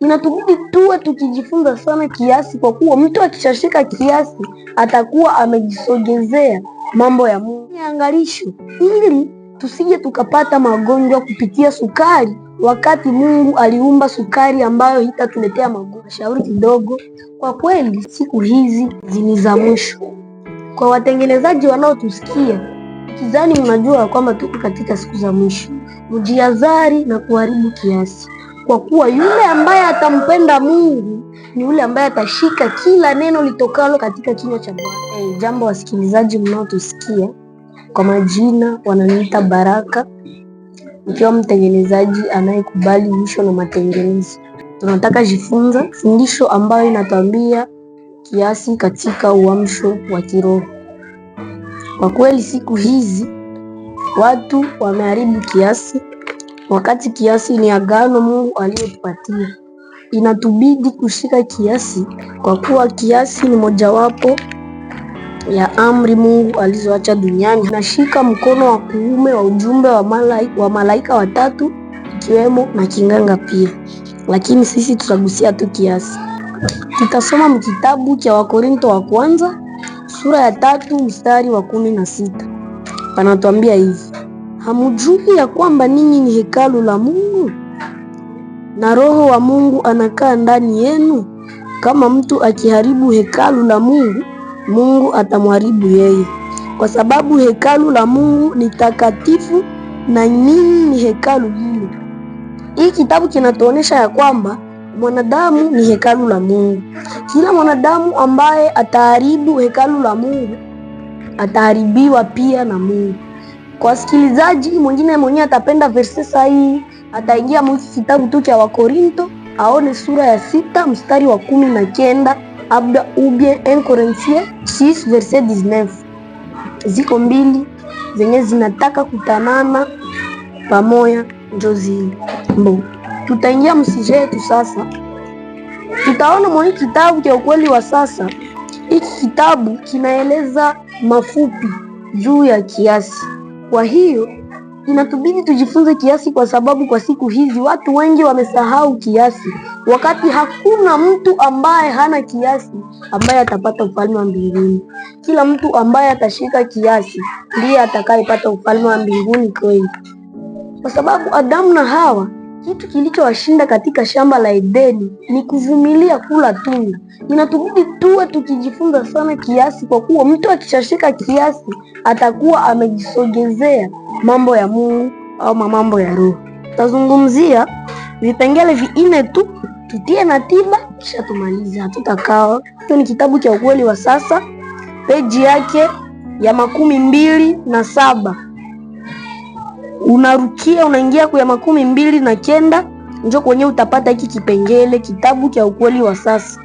inatubidi tuwe tukijifunza sana kiasi, kwa kuwa mtu akishashika kiasi atakuwa amejisogezea mambo ya Mungu. Angalisho ili tusije tukapata magonjwa kupitia sukari, wakati Mungu aliumba sukari ambayo hitatuletea magonjwa. Shauri kidogo kwa kweli, siku hizi ni za mwisho. Kwa watengenezaji wanaotusikia, kizani, mnajua kwamba tuko katika siku za mwisho, Mjiazari na kuharibu kiasi kwa kuwa yule ambaye atampenda Mungu ni yule ambaye atashika kila neno litokalo katika kinywa cha Bwana. Hey, eh, jambo wasikilizaji mnaotusikia, kwa majina wananiita Baraka, nikiwa mtengenezaji anayekubali mwisho na matengenezo. Tunataka jifunza fundisho ambayo inatambia kiasi katika uamsho wa kiroho. Kwa kweli siku hizi watu wameharibu kiasi wakati kiasi ni agano Mungu aliyotupatia. Inatubidi kushika kiasi kwa kuwa kiasi ni mojawapo ya amri Mungu alizoacha duniani. Nashika mkono wa kuume wa ujumbe wa malaika, wa malaika watatu ikiwemo na kinganga pia, lakini sisi tutagusia tu kiasi. Tutasoma mkitabu cha Wakorinto wa kwanza sura ya tatu mstari wa kumi na sita panatuambia hivi: hamujui ya kwamba ninyi ni hekalu la Mungu na Roho wa Mungu anakaa ndani yenu? Kama mtu akiharibu hekalu la Mungu, Mungu atamharibu yeye, kwa sababu hekalu la Mungu ni takatifu na ninyi ni hekalu hilo. Hii kitabu kinatuonyesha ya kwamba mwanadamu ni hekalu la Mungu. Kila mwanadamu ambaye ataharibu hekalu la Mungu ataharibiwa pia na Mungu. Kwa wasikilizaji, mwingine mwenyewe atapenda verse hii, ataingia mwiki kitabu tu cha Wakorinto aone sura ya sita mstari wa kumi na kenda abda ubie encorentie 6 verse 19. Ziko mbili zenye zinataka kutanana pamoja, njo zile mbo. Tutaingia msije yetu sasa, tutaona mwenye kitabu cha ukweli wa sasa. Hiki kitabu kinaeleza mafupi juu ya kiasi kwa hiyo inatubidi tujifunze kiasi, kwa sababu kwa siku hizi watu wengi wamesahau kiasi, wakati hakuna mtu ambaye hana kiasi ambaye atapata ufalme wa mbinguni. Kila mtu ambaye atashika kiasi ndiye atakayepata ufalme wa mbinguni kweli, kwa sababu Adamu na Hawa kitu kilichowashinda katika shamba la Edeni ni kuvumilia kula tunda. Inatubidi tuwe tukijifunza sana kiasi, kwa kuwa mtu akishashika kiasi atakuwa amejisogezea mambo ya Mungu au mambo ya roho. Tutazungumzia vipengele vinne tu, tutie na tiba kisha tumalize, hatutakawa Hicho ni kitabu cha Ukweli wa Sasa, peji yake ya makumi mbili na saba unarukia unaingia kuya makumi mbili na kenda njo kwenye utapata hiki kipengele kitabu cha ukweli wa sasa.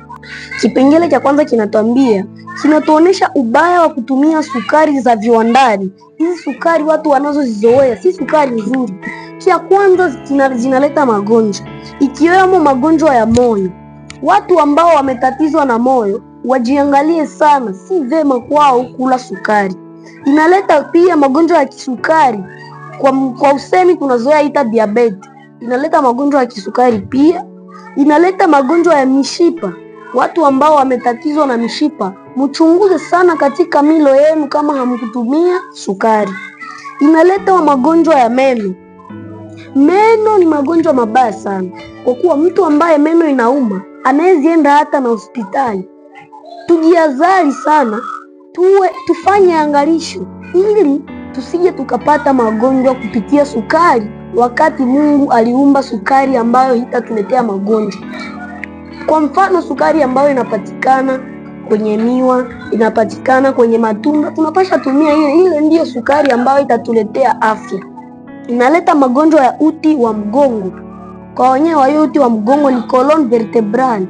Kipengele cha kwanza kinatuambia, kinatuonesha ubaya wa kutumia sukari za viwandani. Hizi sukari watu wanazozizoea si sukari nzuri. Cha kwanza zinaleta magonjwa ikiwemo magonjwa ya moyo. Watu ambao wametatizwa na moyo wajiangalie sana, si vema kwao kula sukari. Inaleta pia magonjwa ya kisukari kwa, kwa usemi tunazoea ita diabeti, inaleta magonjwa ya kisukari, pia inaleta magonjwa ya mishipa. Watu ambao wametatizwa na mishipa, mchunguze sana katika milo yenu kama hamkutumia sukari. Inaleta magonjwa ya meno. Meno ni magonjwa mabaya sana, kwa kuwa mtu ambaye meno inauma anawezienda hata na hospitali. Tujiazari sana, tuwe tufanye angalisho ili tusije tukapata magonjwa kupitia sukari, wakati Mungu aliumba sukari ambayo itatuletea magonjwa. Kwa mfano, sukari ambayo inapatikana kwenye miwa, inapatikana kwenye matunda, tunapasha tumia ile ile, ndiyo sukari ambayo itatuletea afya. Inaleta magonjwa ya uti wa mgongo. Kwa wenyewe wa uti wa mgongo ni colon vertebrale.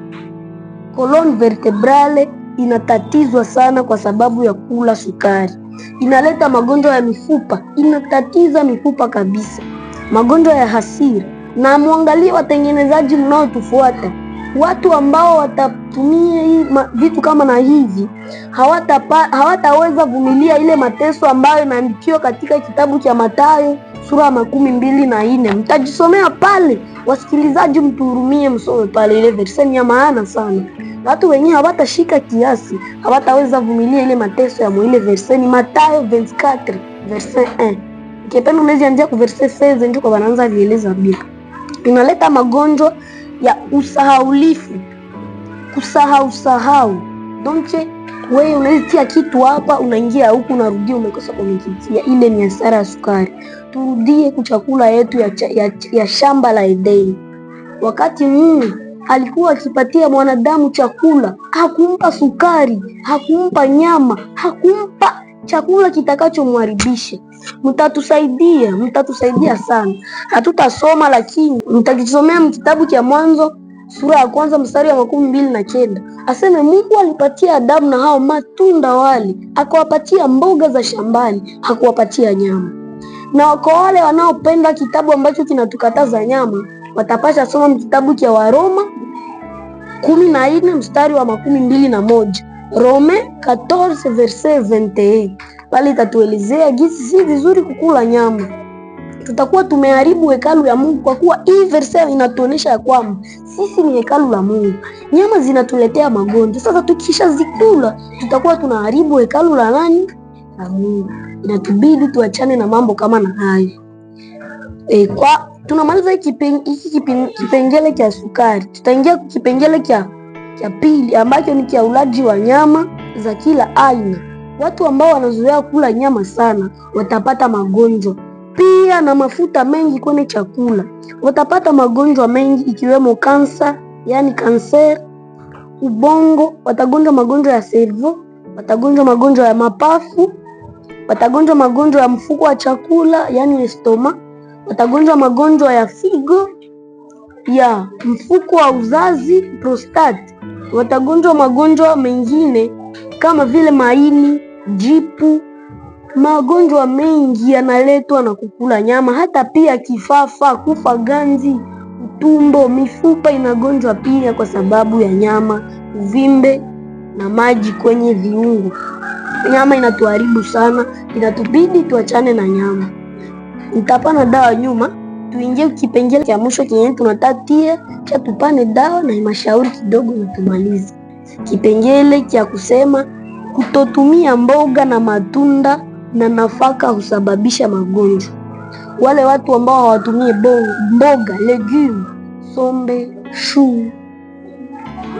Colon vertebrale inatatizwa sana kwa sababu ya kula sukari inaleta magonjwa ya mifupa, inatatiza mifupa kabisa, magonjwa ya hasira. Na mwangalie watengenezaji mnaotufuata watu ambao watatumia hii vitu kama na hivi hawataweza vumilia ile mateso ambayo inaandikiwa katika kitabu cha Mathayo sura ya makumi mbili na nne. Mtajisomea pale, wasikilizaji, mtuhurumie, msome pale, ile verseni ya maana sana. Watu wenyewe hawatashika kiasi, hawataweza vumilia ile mateso ya mwile verseni Mathayo 24 verse 1. Ikipenda unaweza anzia ku verse 16 ndio kwa wanaanza vieleza Biblia. Inaleta magonjwa ya usahaulifu, kusahau sahau donche wewe unaitia kitu hapa, unaingia huku, unarudia, umekosa kumikitia. Ile ni hasara ya sukari. Turudie kuchakula yetu ya, ya, ya shamba la Edeni. Wakati Mungu alikuwa akipatia mwanadamu chakula, hakumpa sukari, hakumpa nyama, hakumpa chakula kitakachomharibisha. Mtatusaidia, mtatusaidia sana. Hatutasoma lakini mtakisomea kitabu cha Mwanzo sura ya kwanza mstari wa makumi mbili na kenda aseme Mungu alipatia Adamu na hao matunda wale, akawapatia mboga za shambani, hakuwapatia nyama. Na kwa wale wanaopenda kitabu ambacho kinatukataza nyama, watapasha soma kitabu cha Waroma kumi na nne mstari wa makumi mbili na moja. Rome 14 verset 21 pale itatuelezea jinsi si vizuri kukula nyama. Tutakuwa tumeharibu hekalu ya Mungu kwa kuwa hii verse inatuonyesha ya kwamba sisi ni hekalu la Mungu. Nyama zinatuletea magonjwa. Sasa tukishazikula tutakuwa tunaharibu hekalu la nani? La Mungu. Inatubidi tuachane na mambo kama na hayo. E, kwa tunamaliza hiki kipengele cha sukari, tutaingia kipengele cha cha pili ambacho ni cha ulaji wa nyama za kila aina. Watu ambao wanazoea kula nyama sana watapata magonjwa pia, na mafuta mengi kwenye chakula watapata magonjwa mengi ikiwemo kansa, yani kanser ubongo, watagonjwa magonjwa ya servo, watagonjwa magonjwa ya mapafu, watagonjwa magonjwa ya mfuko wa chakula, yani estoma, watagonjwa magonjwa ya figo, ya mfuko wa uzazi, prostate, watagonjwa magonjwa mengine kama vile maini, jipu. Magonjwa mengi yanaletwa na kukula nyama, hata pia kifafa, kufa ganzi, utumbo, mifupa inagonjwa pia kwa sababu ya nyama, uvimbe na maji kwenye viungo. Nyama inatuharibu sana, inatubidi tuachane na nyama. Nitapana dawa nyuma tuingie kipengele cha mwisho chenye tunatatia, cha tupane dawa na mashauri kidogo na tumalize kipengele cha kusema kutotumia mboga na matunda na nafaka husababisha magonjwa. Wale watu ambao hawatumie mboga, legume, sombe, shuu,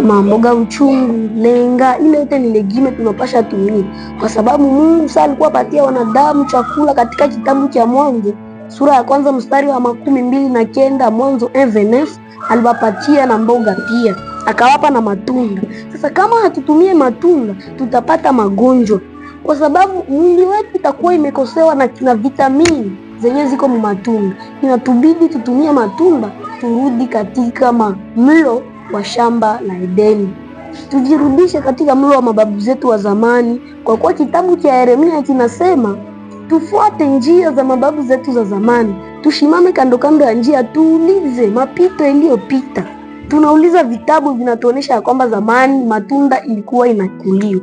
mamboga uchungu, lenga, ile yote ni legume, tunapasha tumie, kwa sababu Mungu sasa alikuwa patia wanadamu chakula katika kitabu cha Mwanzo sura ya kwanza mstari wa makumi mbili na kenda mwanzo Evenes aliwapatia na mboga pia akawapa na matunda. Sasa kama hatutumie matunda tutapata magonjwa, kwa sababu mwili wetu itakuwa imekosewa na, na vitamini zenyewe ziko mu matunda. Inatubidi tutumie matunda, turudi katika mlo wa shamba la Edeni, tujirudishe katika mlo wa mababu zetu wa zamani, kwa kuwa kitabu cha Yeremia kinasema tufuate njia za mababu zetu za zamani, tushimame kando kando ya njia, tuulize mapito yaliyopita. Tunauliza vitabu vinatuonyesha ya kwamba zamani matunda ilikuwa inakuliwa.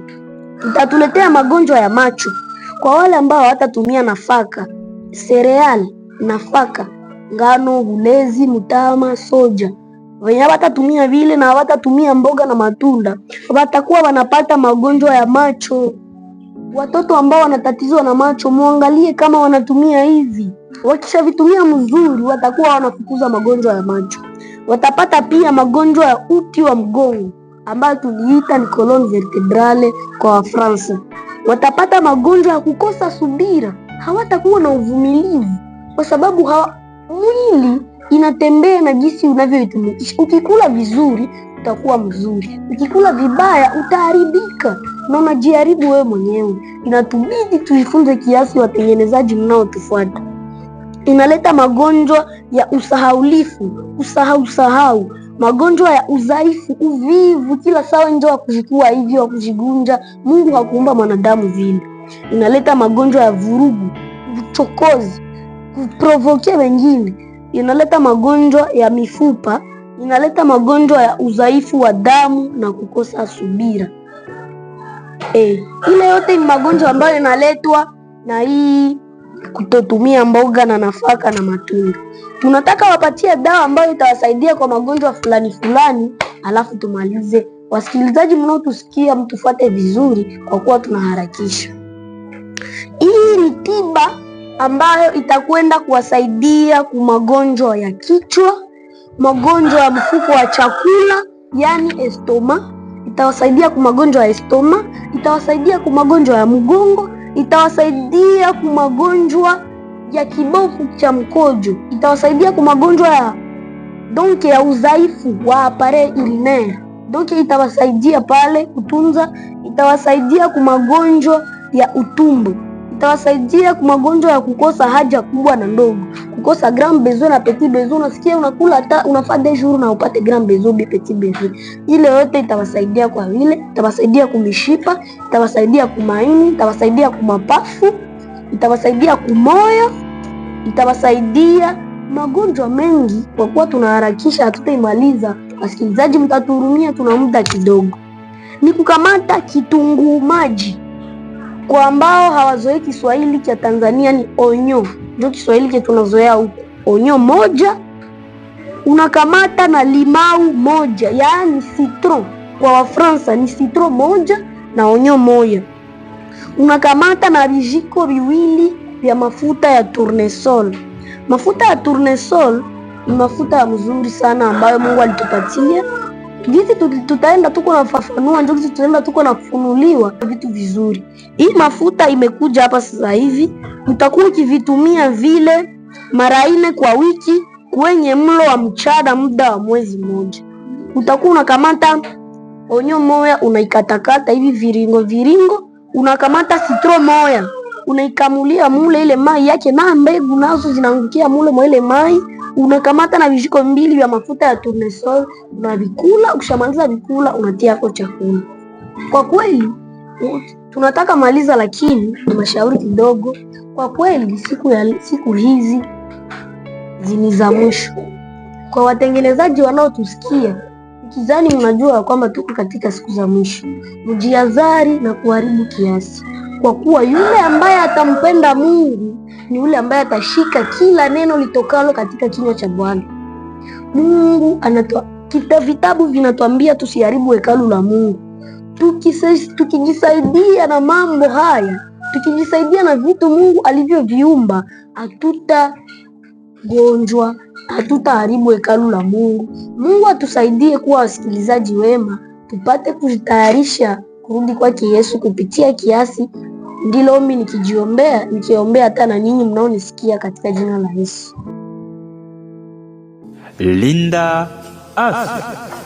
Itatuletea magonjwa ya macho kwa wale ambao hawatatumia nafaka, sereal nafaka, ngano, ulezi, mtama, soja wenye hawatatumia vile na hawatatumia mboga na matunda watakuwa wanapata magonjwa ya macho. Watoto ambao wanatatizwa na macho muangalie kama wanatumia hivi. Wakishavitumia mzuri, watakuwa wanafukuza magonjwa ya macho. Watapata pia magonjwa ya uti wa mgongo ambayo tuliita ni colon vertebrale kwa Wafransa. Watapata magonjwa ya kukosa subira, hawatakuwa na uvumilivu kwa sababu hawa, mwili inatembea na jinsi unavyoitumikisha. Ukikula vizuri utakuwa mzuri, ukikula vibaya utaharibika na unajiharibu wewe mwenyewe. Inatubidi tuifunze kiasi watengenezaji mnaotufuata. Inaleta magonjwa ya usahaulifu, usahau sahau, magonjwa ya udhaifu, uvivu, kila saa nje wakujikua hivyo kujigunja. Mungu hakuumba mwanadamu vile. Inaleta magonjwa ya vurugu, uchokozi, kuprovoke wengine. Inaleta magonjwa ya mifupa, inaleta magonjwa ya udhaifu wa damu na kukosa subira eh. Ile yote ni magonjwa ambayo inaletwa na hii kutotumia mboga na nafaka na matunda. Tunataka wapatie dawa ambayo itawasaidia kwa magonjwa fulani fulani, alafu tumalize. Wasikilizaji mnaotusikia, mtufuate vizuri, kwa kuwa tunaharakisha. Hii ni tiba ambayo itakwenda kuwasaidia kwa magonjwa ya kichwa, magonjwa ya mfuko wa chakula, yani estoma itawasaidia kwa magonjwa ya stoma itawasaidia kwa magonjwa ya mgongo, itawasaidia kwa magonjwa ya kibofu cha mkojo, itawasaidia kwa magonjwa ya donke ya udhaifu wa apare urinea. Donke itawasaidia pale kutunza, itawasaidia kwa magonjwa ya utumbo itawasaidia magonjwa ya kukosa haja kubwa na ndogo, kukosa gram bezo na petit bezo. Unasikia unakula hata unafaa de jour na upate gram bezo bi petit bezo, ile yote itawasaidia kwa vile, itawasaidia kumishipa, itawasaidia kumaini, itawasaidia kumapafu, itawasaidia kumoyo, itawasaidia magonjwa mengi. Kwa kuwa tunaharakisha, hatutaimaliza. Wasikilizaji, mtatuhurumia, tuna muda kidogo. Ni kukamata kitunguu maji kwa ambao hawazoei Kiswahili cha Tanzania ni onyo, ndio Kiswahili cha tunazoea huku. Onyo moja unakamata na limau moja, yaani citron kwa Wafransa ni citron moja na onyo moja. Unakamata na vijiko viwili vya mafuta ya tournesol. Mafuta ya tournesol ni mafuta ya mzuri sana ambayo Mungu alitupatia jinsi tutaenda tuko nafafanua, ndio jinsi tutaenda tuko nafunuliwa vitu vizuri. Hii mafuta imekuja hapa sasa hivi, utakuwa ukivitumia vile mara nne kwa wiki kwenye mlo wa mchana, muda wa mwezi mmoja. Utakuwa unakamata onyo moya, unaikatakata hivi viringo viringo, unakamata sitro moya, unaikamulia mule ile mai yake, na mbegu nazo zinaangukia mule mwa ile mai unakamata na vijiko mbili vya mafuta ya tournesol vikula Ukishamaliza vikula, unatia hapo chakula. Kwa kweli tunataka maliza, lakini ni mashauri kidogo. Kwa kweli siku, ya, siku hizi zini za mwisho kwa watengenezaji wanaotusikia kizani, mnajua kwamba tuko katika siku za mwisho. mjiazari na kuharibu kiasi, kwa kuwa yule ambaye atampenda Mungu ni yule ambaye atashika kila neno litokalo katika kinywa cha Bwana Mungu. Anatoa vitabu vinatuambia tusiharibu hekalu la Mungu. Tukijisaidia na mambo haya, tukijisaidia na vitu Mungu alivyoviumba, hatutagonjwa, hatutaharibu hekalu la Mungu. Mungu atusaidie kuwa wasikilizaji wema, tupate kujitayarisha kurudi kwake Yesu kupitia kiasi ndilo ombi nikijiombea, nikiombea hata na nyinyi mnaonisikia katika jina la Yesu. Linda Afya.